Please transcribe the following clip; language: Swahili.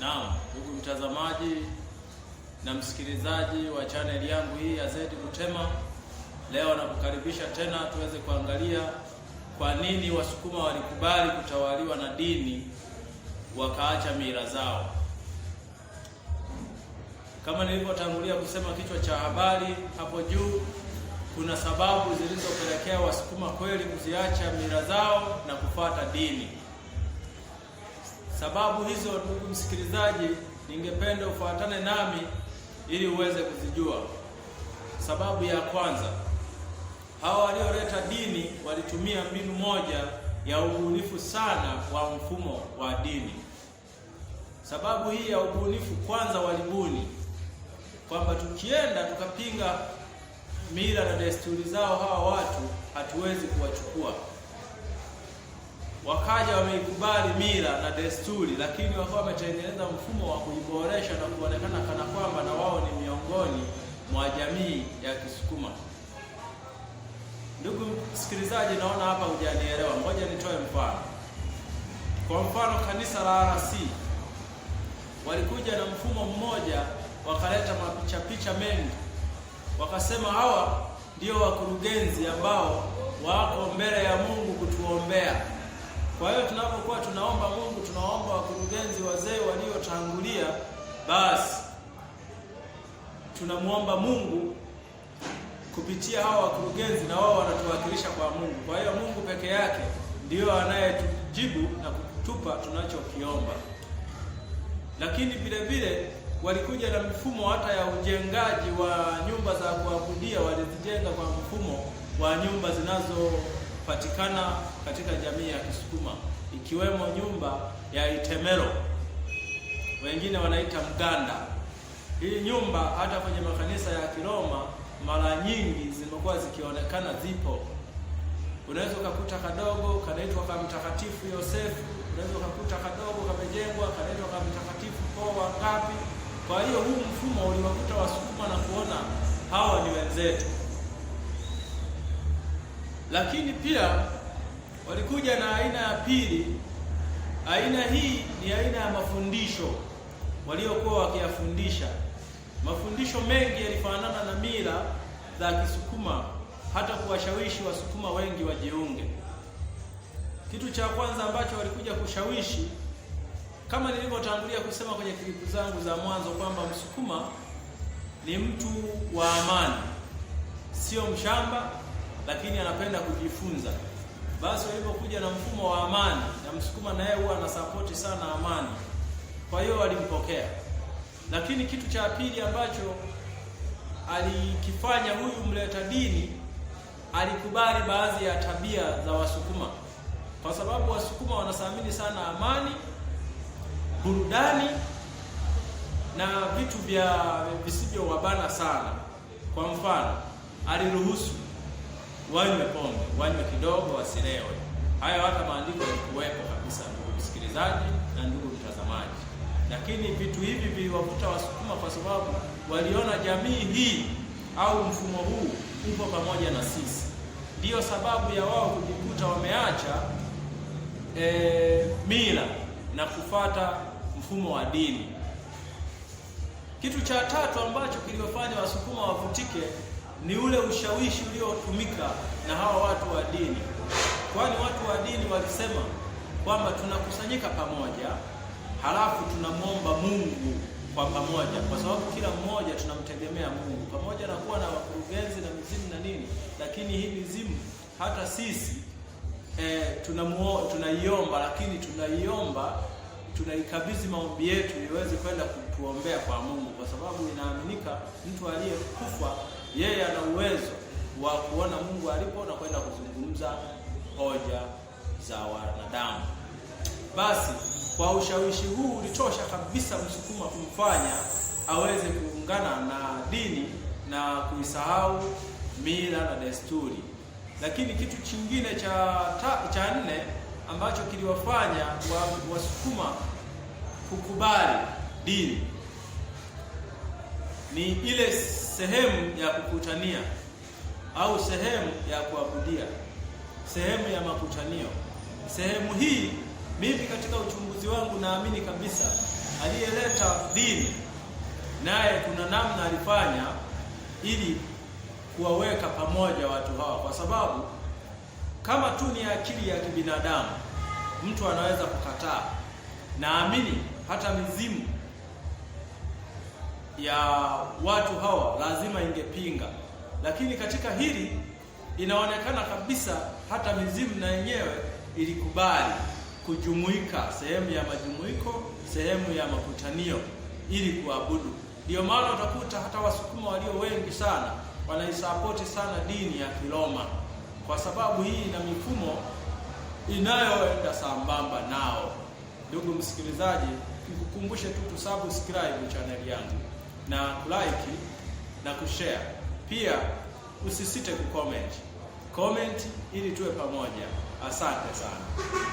Naam, ndugu mtazamaji na msikilizaji wa chaneli yangu hii ya Zedi Mutema, leo nakukaribisha tena tuweze kuangalia kwa nini Wasukuma walikubali kutawaliwa na dini wakaacha mila zao. Kama nilivyotangulia kusema kichwa cha habari hapo juu, kuna sababu zilizopelekea Wasukuma kweli kuziacha mila zao na kufuata dini. Sababu hizo, ndugu msikilizaji, ningependa ufuatane nami ili uweze kuzijua. Sababu ya kwanza, hawa walioleta dini walitumia mbinu moja ya ubunifu sana wa mfumo wa dini. Sababu hii ya ubunifu, kwanza walibuni kwamba tukienda tukapinga mila na desturi zao hawa watu hatuwezi kuwachukua wakaja wameikubali mila na desturi, lakini wakawa wametengeneza mfumo wa kujiboresha na kuonekana kana kwamba na wao ni miongoni mwa jamii ya Kisukuma. Ndugu msikilizaji, naona hapa hujanielewa, ngoja nitoe mfano. Kwa mfano, kanisa la RC walikuja na mfumo mmoja, wakaleta mapicha picha mengi, wakasema hawa ndio wakurugenzi ambao wako mbele ya Mungu kutuombea kwa hiyo tunapokuwa tunaomba Mungu, tunaomba wakurugenzi, wazee waliotangulia, basi tunamwomba Mungu kupitia hao wakurugenzi, na wao wanatuwakilisha kwa Mungu. Kwa hiyo Mungu peke yake ndiyo anayetujibu na kutupa tunachokiomba, lakini vile vile walikuja na mfumo hata ya ujengaji wa nyumba za kuabudia, walizijenga kwa mfumo wa nyumba zinazo patikana katika jamii ya Kisukuma ikiwemo nyumba ya Itemelo, wengine wanaita mganda. Hii nyumba hata kwenye makanisa ya Kiroma mara nyingi zimekuwa zikionekana zipo. Unaweza ukakuta kadogo kanaitwa kama mtakatifu Yosefu, unaweza ukakuta kadogo kamejengwa kanaitwa kama mtakatifu Paul wa ngapi. Kwa hiyo huu mfumo uliwakuta Wasukuma na kuona hawa ni wenzetu. Lakini pia walikuja na aina ya pili. Aina hii ni aina ya mafundisho waliokuwa wakiyafundisha. Mafundisho mengi yalifanana na mila za Kisukuma, hata kuwashawishi Wasukuma wengi wajiunge. Kitu cha kwanza ambacho walikuja kushawishi, kama nilivyotangulia kusema kwenye klipu zangu za mwanzo, kwamba Msukuma ni mtu wa amani, sio mshamba lakini anapenda kujifunza. Basi walipokuja na mfumo wa amani, na Msukuma naye huwa anasapoti sana amani, kwa hiyo walimpokea. Lakini kitu cha pili ambacho alikifanya huyu mleta dini, alikubali baadhi ya tabia za Wasukuma, kwa sababu Wasukuma wanathamini sana amani, burudani na vitu vya wabana sana. Kwa mfano, aliruhusu wanywe pombe, wanywe kidogo, wasilewe. haya hata maandiko kuwepo kabisa, ndugu msikilizaji na ndugu mtazamaji, lakini vitu hivi viliwavuta Wasukuma kwa sababu waliona jamii hii au mfumo huu upo pamoja na sisi. Ndiyo sababu ya wao kujikuta wameacha e, mila na kufata mfumo wa dini. Kitu cha tatu ambacho kiliwafanya Wasukuma wavutike ni ule ushawishi uliotumika na hawa watu wa dini, kwani watu wa dini walisema kwamba tunakusanyika pamoja halafu tunamwomba Mungu kwa pamoja, kwa sababu kila mmoja tunamtegemea Mungu pamoja na kuwa na wakurugenzi na mizimu na nini, lakini hii mizimu hata sisi e, tunamuo tunaiomba, lakini tunaiomba tunaikabidhi maombi yetu iweze kwenda kutuombea kwa Mungu, kwa sababu inaaminika mtu aliyekufa yeye ana uwezo wa kuona Mungu alipo na kwenda kuzungumza hoja za wanadamu. Basi kwa ushawishi huu ulitosha kabisa msukuma kumfanya aweze kuungana na dini na kuisahau mila na desturi. Lakini kitu kingine cha ta, cha nne ambacho kiliwafanya wasukuma kukubali dini ni ile sehemu ya kukutania au sehemu ya kuabudia, sehemu ya makutanio. Sehemu hii mimi katika uchunguzi wangu naamini kabisa aliyeleta dini naye kuna namna alifanya ili kuwaweka pamoja watu hawa, kwa sababu kama tu ni akili ya kibinadamu mtu anaweza kukataa. Naamini hata mizimu ya watu hawa lazima ingepinga, lakini katika hili inaonekana kabisa hata mizimu na yenyewe ilikubali kujumuika sehemu ya majumuiko, sehemu ya makutanio ili kuabudu. Ndiyo maana utakuta hata Wasukuma walio wengi sana wanaisapoti sana dini ya Kiroma kwa sababu hii ina mifumo inayoenda sambamba nao. Ndugu msikilizaji, nikukumbushe tu tusubscribe chaneli yangu na like na kushare. Pia usisite kucomment comment ili tuwe pamoja. Asante sana.